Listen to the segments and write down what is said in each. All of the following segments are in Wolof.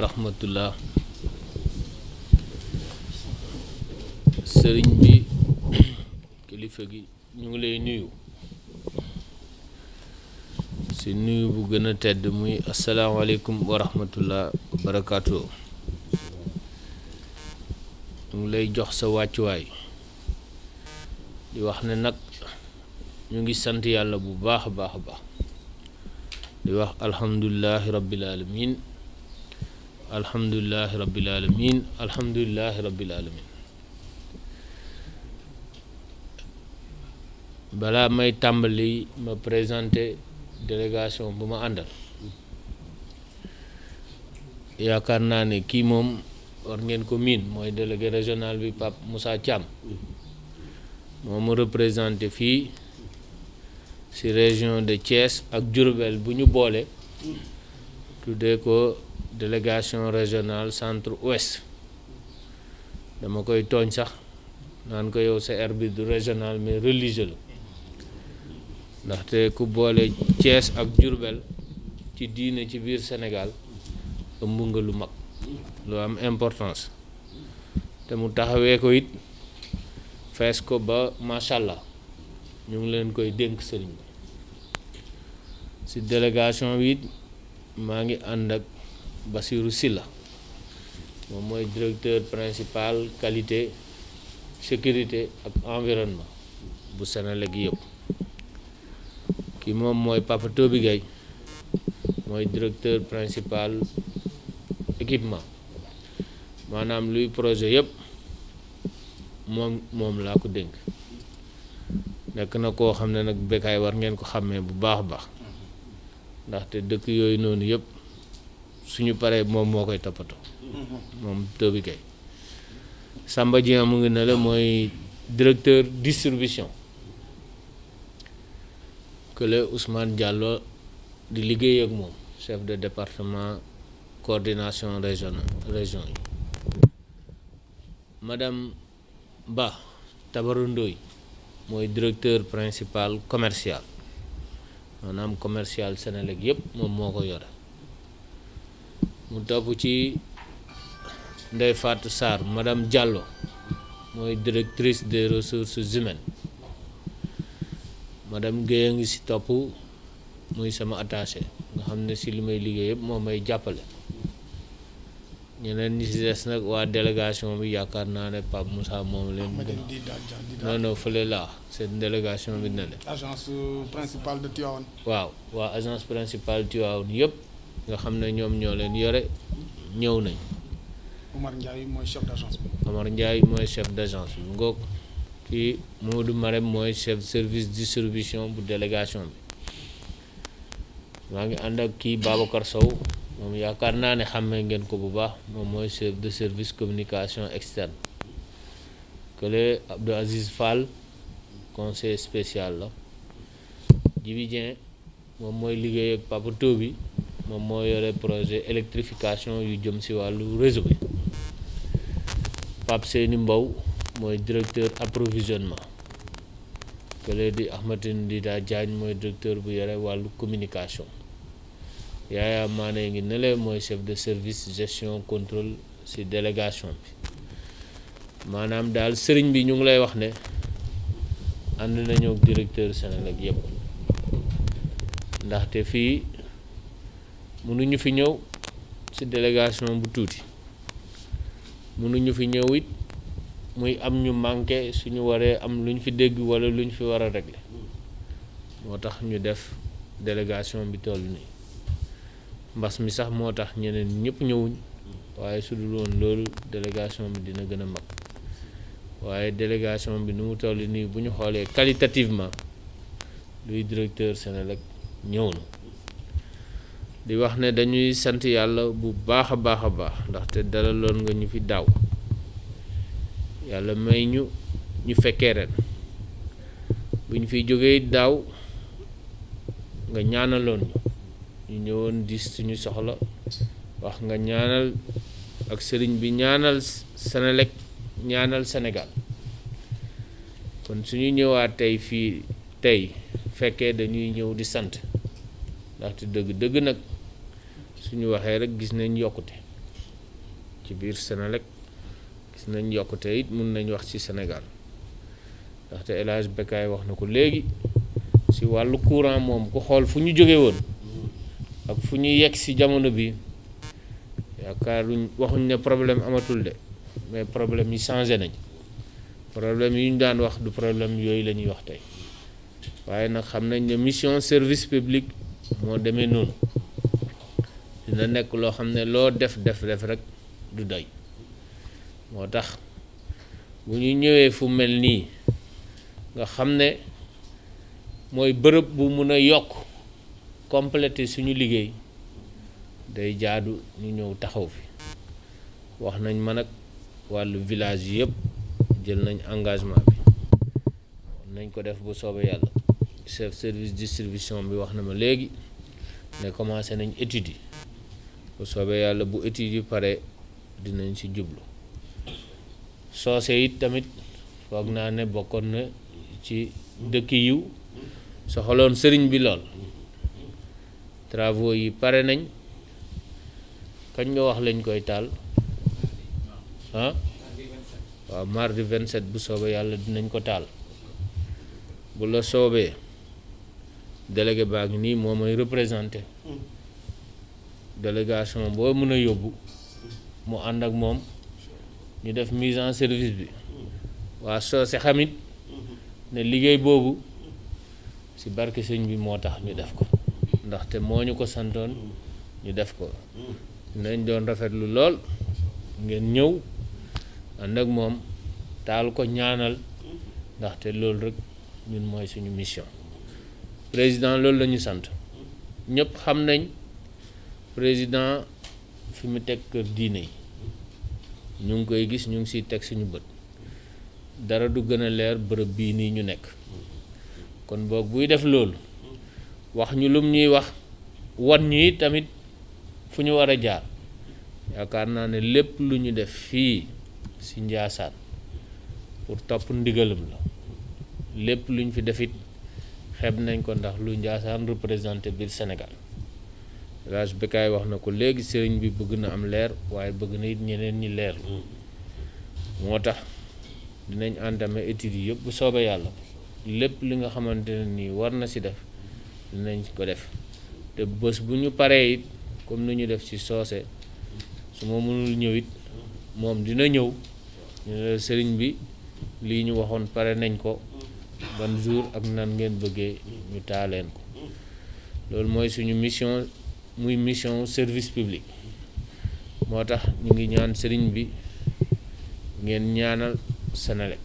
wa rahmatullah sëriñ bi kilifa gi ñu ngi lay nuyu si nuyu bu gën a tedd muy asalaamaaleykum wa rahmatullah wa barakaatu ñu ngi lay jox sa wàccuwaay di wax ne nag ñu ngi sant yàlla bu baax a baax a di wax alhamdulilahi rabbil alamin alhamdulilahi rabbil alamin alhamdulilahi rabbil alamin balaa may tàmbali ma présenté délégation bu ma àndal yaakaar naa ne kii moom war ngeen ko miin mooy délégué régional bi Pape Moussa Thiam moom mu représenté fii ci région de Thiès ak Diourbel bu ñu boole tuddee ko délégation régionale centre ouest dama koy tooñ sax naan ko yow sa air bi du régional mais religieux la ndaxte ku boole Thiès ak Diourbel ci diine ci biir Sénégal ëmb nga lu mag lu am importance te mu taxawee ko it fees ko ba macha allah ñu ngi leen koy dénk sëriñ bi si délégation it maa ngi ànd ak. Bassirou Sylla moom mooy directeur principal qualité sécurité ak environnement bu Senelec gi yëpp ki moom mooy Papa Toby Gaye mooy directeur principal équipement maanaam luy projet yëpp moom moom laa ko dénk nekk na koo xam ne nag Bécaye war ngeen ko xàmmee bu baax a baax ndaxte dëkk yooyu noonu yëpp suñu paree moom moo koy toppatoo moom tëbi kay Samba Dieng mu ngi ne la mooy directeur distribution que le Ousmane Diallo di liggéey ak moom chef de département coordination régionale région yi madame Ba Tabarou Ndoye mooy directeur principal commercial maanaam commercial Sénélec yëpp moom moo ko yore mu topp ci Ndeye Fatou Sarr madam Diallo mooy directrice des ressources humaines madame géey a ngi si topp muy sama attaché nga xam ne si li may liggéey yëpp moom may jàppale ñeneen ñi si des nag waa délégation bi yaakaar naa ne Pape Moussa moom leen. non non fële laa seen délégation bi na le. agence principale de Tivaouane. waaw waa agence principale Tivaouane yëpp. nga xam ne ñoom ñoo leen yore ñëw nañ. Omar Ndiaye mooy chef d'agence bi. Omar Ndiaye mooy chef d'agence bi ngoog kii Modou Marème mooy chef service distribution bu délégation bi maa ngi ànd ak kii Babacar Sow moom yaakaar naa ne xàmmee ngeen ko bu baax moom mooy chef de service communication externe kële Abdou Aziz Fall conseil spécial la Djibi moom mooy liggéey ak Papa Tobi moom moo yore projet électrification yu jëm ci wàllu réseau bi Pape Mbow mooy directeur approvisionnement kële di Ahmadine Dida Diagne mooy directeur bu yore wàllu communication Yaya Mané ngi nele mooy chef de service gestion contrôle ci délégation bi maanaam daal sëriñ bi ñu ngi lay wax ne ànd nañoo directeur Senelec yépp ndaxte fii mënuñu fi ñëw si délégation bu tuuti mënuñu fi ñëw it muy am ñu manqué suñu waree am lu ñu fi dégg walla lu ñu fi war a régler moo tax ñu def délégation bi toll nii mbas mi sax moo tax ñeneen ñëpp ñëwuñ waaye su dul woon loolu délégation bi dina gën a mag waaye délégation bi nu mu toll nii bu ñu xoolee qualitativement luy directeur Senelec ñëw di wax ne dañuy sant yàlla bu baax a baax a baax ndaxte dalaloon nga ñu fi daaw yàlla may ñu ñu fekkee ren bu ñu fi jógee daaw nga ñaanaloon ñu ñu ñëwoon di suñu soxla wax nga ñaanal ak sëriñ bi ñaanal Senelec ñaanal Sénégal kon suñu ñëwaat tey fii tey fekkee dañuy ñëw di sant ndaxte dëgg dëgg nag suñu waxee rek gis nañ yokkute ci biir Senelec gis nañ yokkute it mun nañ wax ci Sénégal ndaxte élage Hadj Bekkaay wax na ko léegi si wàllu courant moom ku xool fu ñu jóge woon ak fu ñu yegg si jamono bi yaakaaruñ waxuñ ne problème amatul de mais problème yi changé nañ problème yu ñu daan wax du problème yooyu la ñuy wax tey waaye nag xam nañ ne mission service public moo demee noonu dina nekk loo xam ne loo def def def rek du doy moo tax bu ñu ñëwee fu mel nii nga xam ne mooy bërëb bu mun a yokk complété suñu liggéey day jaadu ñu ñëw taxaw fi wax nañ ma nag wàllu village yëpp jël nañ engagement bi nañ ko def bu soobee yàlla chef service distribution bi wax na ma léegi ne commencé nañ études yi bu soobee yàlla bu études yi pare dinañ ci jublu soose it tamit foog naa ne bokkoon na ci dëkk yiw soxaloon sëriñ bi lool travaux yi pare nañ kañ nga wax lañ koy taal ah waaw mardi 27 bu soobee yàlla dinañ ko taal bu la soobee délégué baa ngi nii moo may représenté mm. délégation boo mën a yóbbu mu ànd ak moom ñu def mise en service bi mm. waa soose xamit mm-hmm. ne liggéey boobu ci barke sëñ bi moo tax ñu def ko ndaxte moo ñu ko santoon mm. ñu def ko nañ doon rafet lu lool ngeen ñëw ànd ak moom taal ko ñaanal ndaxte loolu rek ñun mooy suñu mission président loolu la sant ñëpp xam nañ président fi mu teg kër diine yi ñu ngi koy gis ñu ngi siy teg suñu bët dara du gën a leer bërëb bii nii ñu nekk kon boog buy def loolu wax ñu lu ñuy wax wan ñi tamit fu ñu war a jaar yaakaar naa ne lépp lu ñu def fii si Njaasaan pour topp ndigalam la lépp lu ñu fi defit xeeb nañ ko ndax lu Ndiassane représenté biir Sénégal laaj Bekaay wax na ko léegi sëriñ bi bëgg na am leer waaye bëgg na it ñeneen ñi leer moo tax dinañ entamé études yi yëpp bu soobee yàlla lépp li nga xamante nii war na si def dinañ ko def te bës bu ñu paree it comme ni ñu def ci soose su ma mënul ñëw it moom dina ñëw ñu sëriñ bi lii ñu waxoon pare nañ ko. ban jour ak nan ngeen bëggee ñu taaleen ko loolu mooy suñu mission muy mission service public moo tax ñu ngi ñaan sëriñ bi ngeen ñaanal Senelec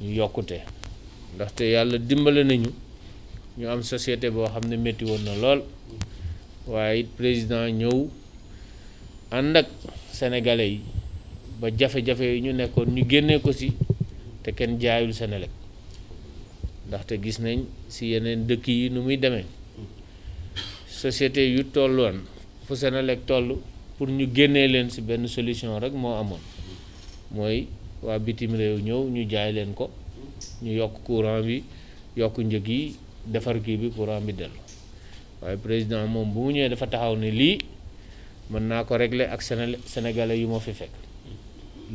ñu yokkute ndaxte yàlla dimbale nañu ñu am société boo xam ne métti woon na lool waaye it président ñëw ànd ak sénégalais yi ba jafe-jafe yi ñu nekkoon ñu génnee ko si te kenn jaayul Senelec ndaxte gis nañ si yeneen dëkk yi nu muy demee société yu tolloon fu Senelec toll pour ñu génnee leen si benn solution rek moo amoon mooy waa bitim réew ñëw ñu jaay leen ko ñu yokk courant bi yokk njëg yi defar kii bi courant bi dellu waaye président moom bu mu ñëwee dafa taxaw ne lii mën naa ko régler ak Sénégalais yu ma fi fekk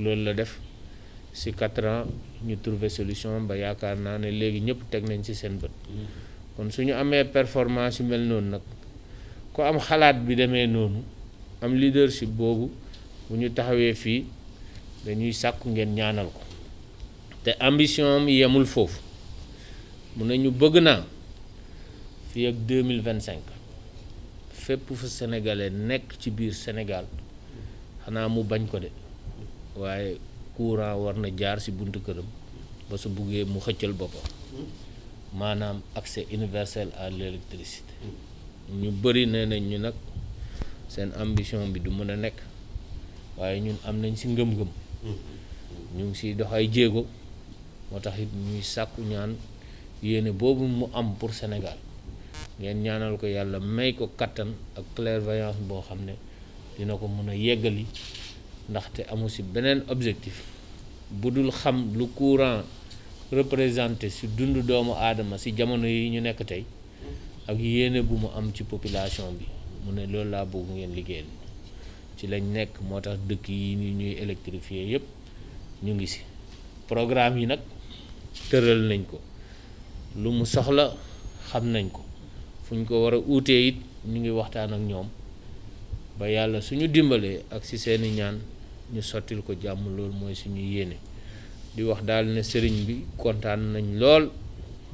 loolu la def si quatre ñu trouver solution ba yaakaar naa ne léegi ñëpp teg nañ ci seen bët mm. kon suñu amee performance yu mel noonu nag ku am xalaat bi demee noonu am leadership boobu bu ñu taxawee fii dañuy sàkku ngeen ñaanal ko te ambition mi yemul foofu mun nañu bëgg naa fii ak 2025 fépp fu sénégalais nekk ci biir Sénégal xanaa mu bañ ko de waaye courant war na jaar ci buntu këram ba su buggee mu xëccal boppam maanaam accès universel à l'électricité ñu bëri nee nañ ñu nag seen ambition bi du mën a nekk waaye ñun am nañ ci ngëm-ngëm ñu ngi ciy dox ay jéego moo tax it ñuy sàkku ñaan yéene boobu mu am pour Sénégal ngeen ñaanal ko yàlla may ko kattan ak clairvoyance boo xam ne dina ko mën a yeggali ndaxte amu ci beneen objectif bu dul xam lu courant représenté si dundu doomu aadama si jamono yi ñu nekk tey ak yéene bu mu am ci population bi mu ne loolu laa bëgg ngeen liggéeyal ci lañ nekk moo tax dëkk yi ni ñuy électrifier yëpp ñu ngi si programme yi nag tëral nañ ko lu mu soxla xam nañ ko fu ñu ko war a uutee it ñu ngi waxtaan ak ñoom ba yàlla suñu dimbalee ak si seeni ñaan ñu sottil ko jàmm loolu mooy suñu yéene di wax daal ne sëriñ bi kontaan nañ lool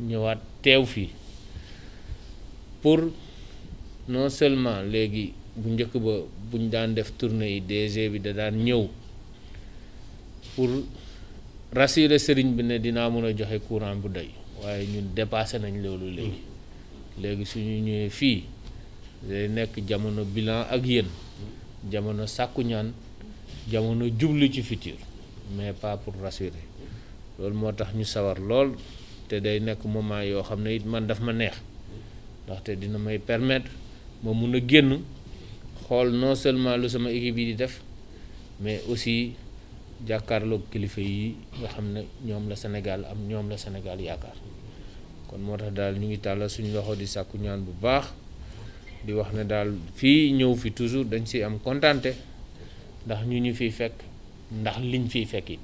ñëwaat teew fii pour non seulement léegi bu njëkk ba buñ daan def tournée yi DG bi da daan ñëw pour rassurer sëriñ bi ne dinaa mën a joxe courant bu doy waaye ñun dépassé nañ loolu léegi léegi suñu ñëwee fii day nekk jamono bilan ak yéen jamono sàkku jamono jublu ci futur mais pas pour rassurer loolu moo tax ñu sawar lool te day nekk moment yoo xam ne it man daf ma neex ndaxte dina may permettre moo mun a génn xool non seulement lu sama équipe yi di def mais aussi jàkkaarloog kilifa yi nga xam ne ñoom la Sénégal am ñoom la Sénégal yaakaar kon moo tax daal ñu ngi tàllal suñu loxo di sàkku ñaan bu baax di wax ne daal fii ñëw fi toujours dañ si am kontaante ndax ñu ñu fiy fekk ndax liñ fiy fekk it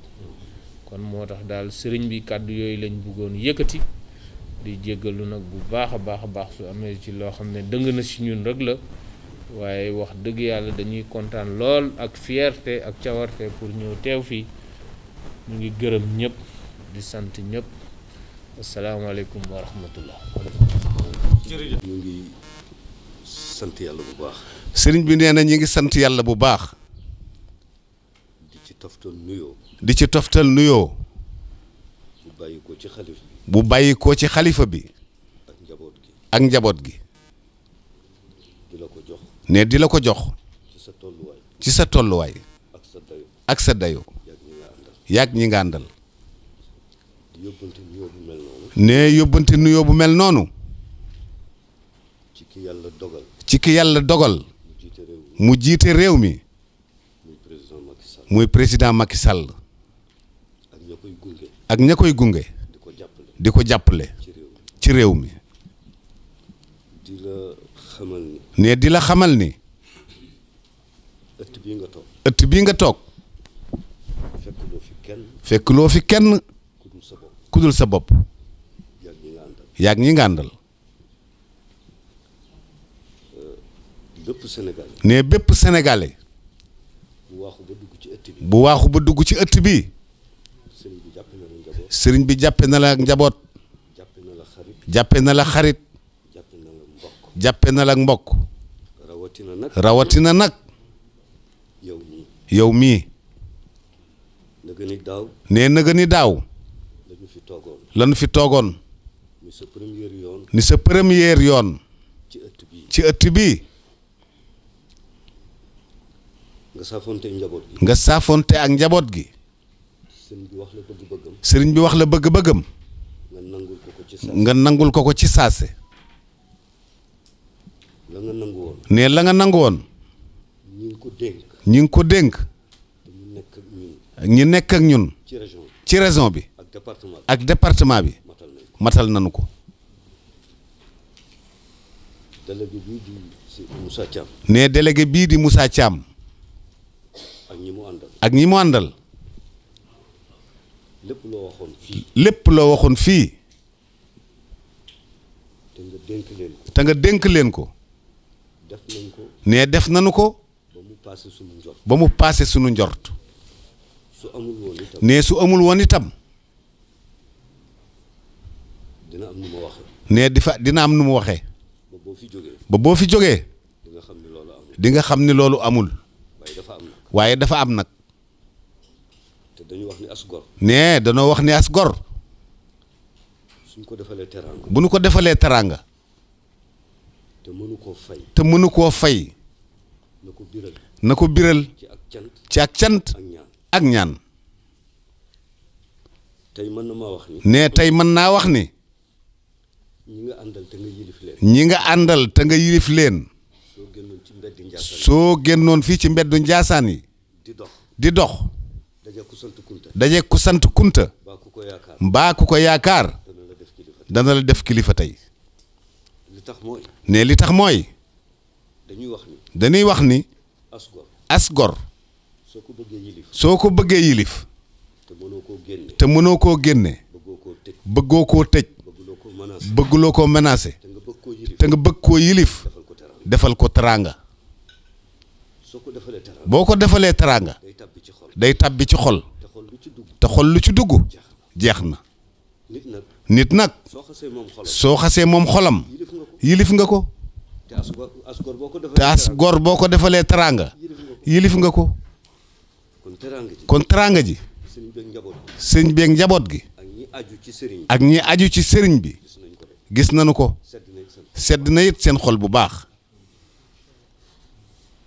kon moo tax daal sëriñ bi kàddu yooyu lañ bëggoon yëkkati di jéggalu nag bu baax a baax a baax su amee ci loo xam ne dëng na si ñun rek la waaye wax dëgg yàlla dañuy kontaan lool ak fierté ak cawarte pour ñëw teew fii mu ngi gërëm ñëpp di sant ñëpp asalaamaaleykum wa rahmatullah jërëjëf sëriñ bi nee na ñu ngi sant yàlla bu baax toftal di ci toftal nuyoo. bu bàyyi ci xalifa bi. ak njaboot gi la ko jox. ne di la ko jox. ci sa tolluwaay. ci ak sa dayo. yàgg ñi nga àndal. nuyoo bu mel noonu. ne yóbbante nuyoo bu mel noonu. ci ki yàlla dogal. mu jiite réew mi. muy président Macky Sall ak ña koy gunge di ko jàppale ci réew mi ne di la xamal ni ëtt bii nga toog ëtt fi kenn ku sa bopp yaag ñi nga àndal euh, ne bépp sénégalais bu waaxu ba dugg ci ëtt bi sëriñ bi jàppe na la ak njaboot jàppe na la xarit jàppe na la ak mbokk rawatina nag yow mii nee naga ni daaw lañu fi toogoon ni sa première yoon ci ëtt bi nga saafonte njaboot gi. ak njaboot gi. sëriñ bi wax la bëgg-bëggam. sëriñ nga nangul ko ko ci saase. nga nangul ko la nga nangu woon. ne la nga nangu ngi ko dénk. ñi ngi nekk ak ñun. ñi ci région bi ak département bi matal nañu ko. délégué bii di Moussa Thiam. ne délégué bii di Moussa Thiam. ak ñi mu àndal ñi mu àndal. lépp loo waxoon fii. lépp loo waxoon fii. te nga dénk leen ko. te ko. nee def nañu ko. ba mu paase sunu njort. su amul nee su amul woon itam. dina am nu mu nee di fa dina am nu mu waxee. ba boo fi jógee. ba nga xam ni nga xam ni loolu amul. waaye dafa am nag. te dañu wax ni as nee danoo wax ni as gor. suñ ko defalee teraanga. bu nu ko defalee teraanga. te mënu koo fay. te mënu koo fay. na ko biral. na ko biral. ci ak cant. ak ñaan. tey mën na maa wax nee tey mën naa wax ni. ñi àndal te ñi nga àndal te nga yilif leen. soo génnoon fii ci mbedd njaasaan yi di dox di dox daje ku sant kunta mbaa ku ko yaakaar dana la def kilifa tey ne li tax mooy dañuy wax ni as gor soo ko bëggee yilif te mënoo ko génne bëggoo koo tëj bëgguloo koo menacé te nga bëgg koo yilif defal ko teraanga boo ko defalee teraanga day tàbbi ci xol te xol lu ci dugg jeex na nit nag soo xasee moom xolam yilif nga ko te as gor boo ko defalee teraanga yilif nga ko kon teraanga ji sëñ beeg njaboot gi ak ñi aju ci sëriñ bi gis nañu ko sedd na it seen xol bu baax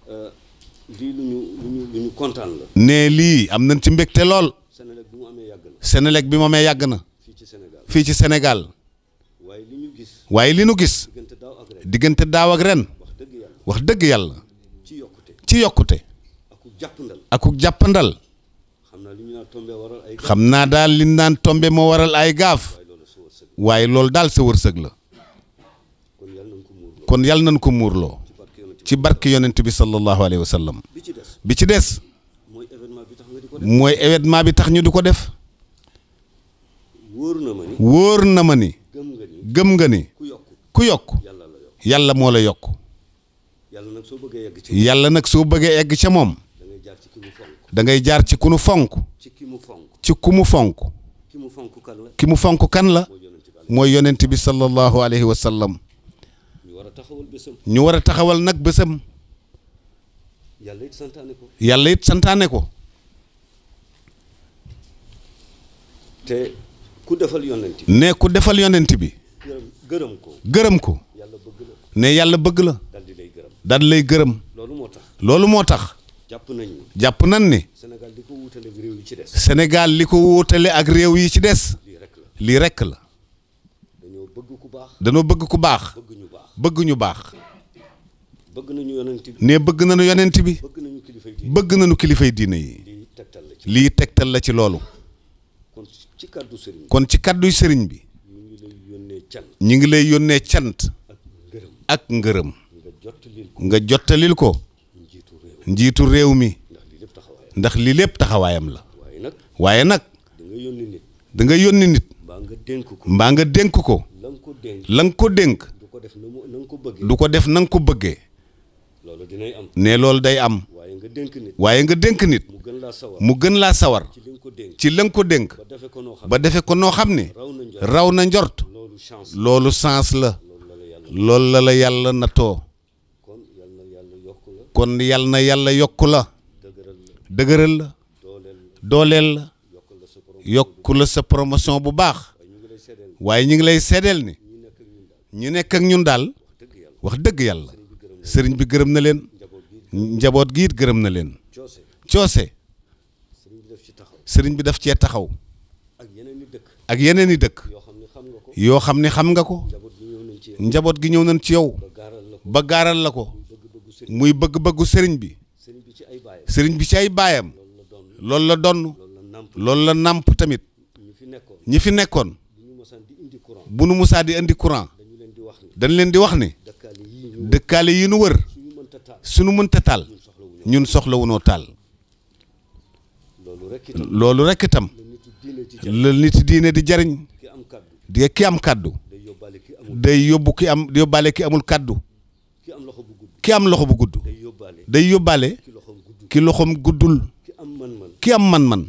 euh, kontaan ne lii am nañ ci te lool. Sénélec bi mu amee yàgg na. bi mu amee yàgg na. fii ci Sénégal fii ci Sénégal. waaye li ñu gis. waaye li ñu gis. diggante daaw ak ren diggante daaw ak ren. wax dëgg yàlla ci yokkute ci yokkute. akuk jàppandal jàppandal. xam naa li ñu naan tombé waral ay. daal li naan tombé moo waral ay gaaf. waaye loolu daal sa wërsëg la. kon yàlla nañ kon yàlla nañ ko muurloo. ci barke yonent bi sallallahu alayhi wa sallam bi ci des mooy événement bi tax ñu du ko def wóor na ma ni wóor na ma ni gëm nga ni ku yokk yàlla moo la yokk yàlla nag soo bëggee egg ca moom da ngay jaar ci ku nu fonk ci ku mu fonk ki mu fonk kan la mooy yonent bi sallallahu alayhi wa sallam war a taxawal bésam. ñu war a taxawal nag bésam. yàlla it santaane ko. yàlla it santaane ko. ku defal yonent ne ku defal yonent bi. gërëm ko. gërëm ko. yàlla bëgg ne yàlla bëgg la. dal di lay gërëm. daal lay gërëm. loolu moo tax. loolu moo tax. jàpp nañ ni. jàpp nañ ni. Sénégal li ko wuutale ak réew yi ci des. Sénégal li ko wuutale ak réew yi ci des. lii rek la lii rek la. bëgg ku baax. bëgg ñu baax. bëgg nañu yonent ne bëgg nañu yonent bi. bëgg nañu kilifay diine bëgg nañu kilifay diine yi. lii tegtal la ci loolu. kon ci kàddu sëriñ bi ci kàddu sëriñ bi. ñu ngi lay yónnee cant. ñu ngi lay yónnee cant. ak ngërëm. nga jottalil ko nga njiitu réew mi. ndax lii lépp taxawaayam la. waaye nag. da nga yónni nit. da nga yónni nit. mbaa nga dénk ko. mbaa ko. la nga ko dénk. ko def du ko def na nga ko bëggee ne lool day am waaye nga dénk nit mu gën laa sawar ci la nga ko dénk ba defe ko noo xam ne raw na njort loolu chance la lool la la yàlla na too kon yàlla na yàlla yokk la dëgëral la dooleel la yokku la sa promotion bu baax waaye ñu ngi lay seddeel ni ñu nekk ak ñun daal wax dëgg yàlla sëriñ bi gërëm na leen njaboot gi it gërëm na leen coose sëriñ bi daf cee taxaw ak yeneen i dëkk yoo xam ne xam nga ko njaboot gi ñëw nañ ci yow ba gaaral la ko muy bëgg-bëggu sëriñ bi sëriñ bi ci ay baayam loolu la donn loolu la nàmp tamit ñi fi nekkoon bu nu musaa di indi courant dañ leen di wax ni dëkkaale yi nu wër suñu mënta taal ñun soxlawunoo wunoo taal loolu rek itam la nit diine di jariñ ki am kàddu day yóbbu ki am yóbbaale ki amul kàddu ki am loxo bu gudd day yóbbaale ki loxoom guddul ki am man-man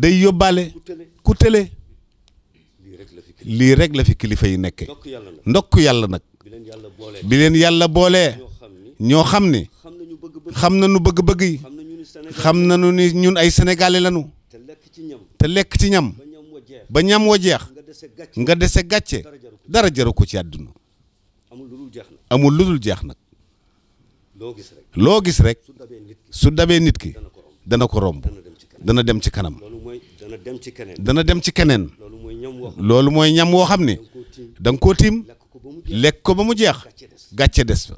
day yóbbaale ku tële lii rek la fi kilifa yi nekke ndokk yàlla nag bi leen yàlla boolee ñoo xam ni xam nañu bëgg-bëgg yi xam na nañu ni ñun ay sénégalais lañu te lekk ci ñam ba ñam wa jeex nga dese gàcce dara jaru ko ci àdduna amul lu dul jeex nag loo gis rek su dabee nit ki dana ko romb dana dem ci kanam dana dem ci keneen loolu mooy ñam woo xam ne da nga koo tiim lekk ko ba mu jeex gàcce des fa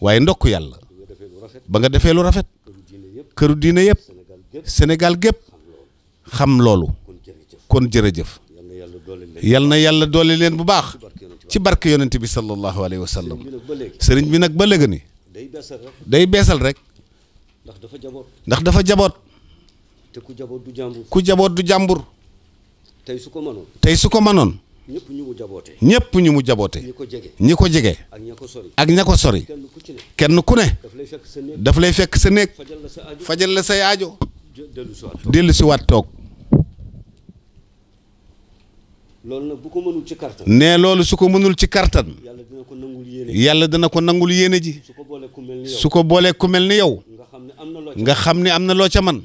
waaye ndokk yàlla ba nga defee lu rafet këru diine yëpp Sénégal gépp xam loolu kon jërëjëf yal na yàlla doole leen bu baax ci barke yonent bi sallallahu alayhi wa sallam sëriñ bi nag ba léegi ni day beesal rek ndax dafa jaboot ndax dafa jaboot te ku jaboot du jàmbur ku jaboot du jàmbur tey su ko mënoon tey su ko mënoon ñëpp ñu mu jaboote. ñëpp ñu mu jaboote. ñi ko jege. ñi ko jege. ak ña ko sori. ak ña ko sori. kenn ku ne. daf lay fekk sa néeg. daf lay fekk sa néeg. fajal la sa aajo fajal la say aajo. dellu si waat toog. loolu nag bu ko mënul ci kartan. ne loolu su ko mënul ci kartan. yàlla dana ko nangul yéene ji. yàlla dana ko nangul yéene ji. su ko boolee ku mel ni yow. su ko boolee ku mel ni yow. nga xam ne am na loo ca man.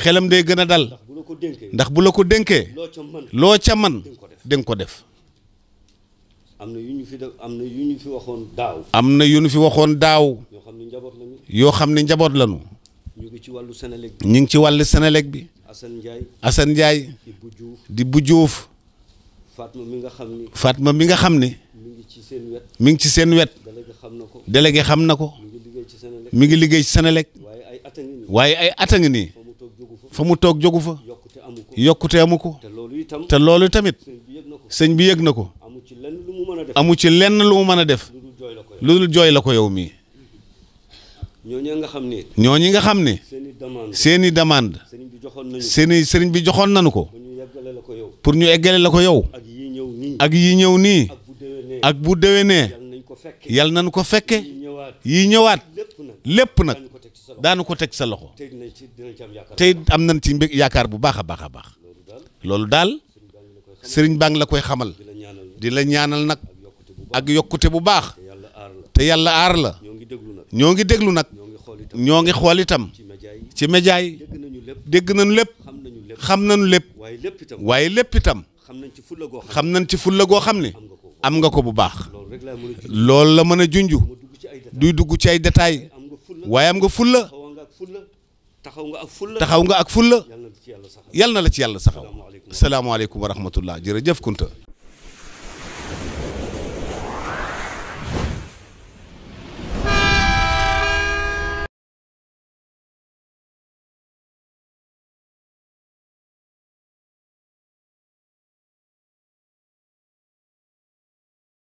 xelam day gën a dal. day gën a dal. ndax bu la ko dénkee. ndax bu la ko dénkee. loo ca man. da nga ko def. am na yu ñu fi def am na yu ñu fi waxoon daaw. am na yu ñu fi waxoon daaw. yoo xam ne njaboot lañu. yoo xam ne njaboot lañu. ñu ngi ci wàllu seneleek bi. ñu ngi ci wàllu Sénélec bi. Assane Ndiaye. Assane Ndiaye. di bu Diouf di bu Diouf. Fatma mi nga xam ne. Fatma mi nga xam ne. mi ngi ci seen wet. mi ngi ci seen wet. délégué xam na ko. délégué xam na ko. mi liggéey ci Sénélec. mi ngi liggéey ci Sénélec. waaye ay at a ngi nii. waaye ay at a fa mu toog jógu fa. yokkute amu ko. yokkute te loolu tamit. sëñ bi yëg na ko amu ci lenn lu mu mën a def lu dul jooy la ko yow mii ñooñu nga xam ne ñooñu nga xam ne seen i demande seen i sëriñ bi joxoon nañu ko pour ñu eggale la ko yow ak yi ñëw nii ak bu déwénee yal nañu ko fekke yi ñëwaat lépp nag daanu ko teg sa loxo tey am nañ ci mbég yaakaar bu baax a baax a baax loolu daal sëriñ baa ngi la koy xamal di la ñaanal nag ak yokkute bu baax te yàlla aar la ñoo ngi déglu nag ñoo ngi xool itam ci média yi dégg nañu lépp xam na nañu lépp waaye lépp itam xam nañ ci fulla goo xam ne am nga ko bu baax lool la mën a junj duy dugg ci ay détails waaye am nga fulla taxaw nga ak fulla yal na la ci yàlla saxaw salaamaaleykum wa rahmatullah jërëjëf Kunta